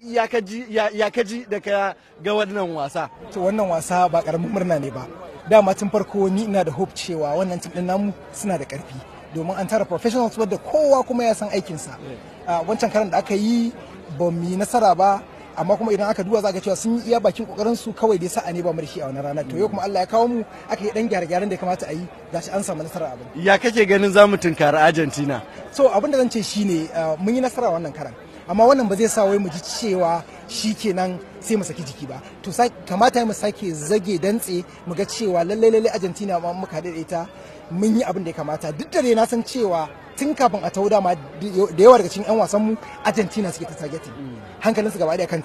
ya kaji da ka ga wannan wasa to wannan wasa ba karamin murna ne ba dama tun farko ni ina da hope cewa wannan tim din namu suna da karfi domin an tara professionals wadda kowa kuma ya san aikinsa wancan karan da aka yi ba mu yi nasara ba amma kuma idan aka duba za ka cewa sun yi iya bakin kokarin su kawai dai sa'a ne ba marshi a wannan ranar to yau kuma Allah ya kawo mu aka yi dan gyare-gyaren da kamata a yi shi an samu nasara abin ya kake ganin za mu tunkari Argentina so abin da zan ce shine mun yi nasara wannan karan amma wannan ba zai sa wai mu ji cewa shi kenan sai mu saki jiki ba to kamata mu sake zage dantse mu ga cewa lallai lallai Argentina ma muka da ita mun yi abin da ya kamata duk da dai na san cewa tun kafin a tauda ma da yawa daga cikin 'yan wasanmu Argentina suke ta targeting mm. hankalinsu gaba da kan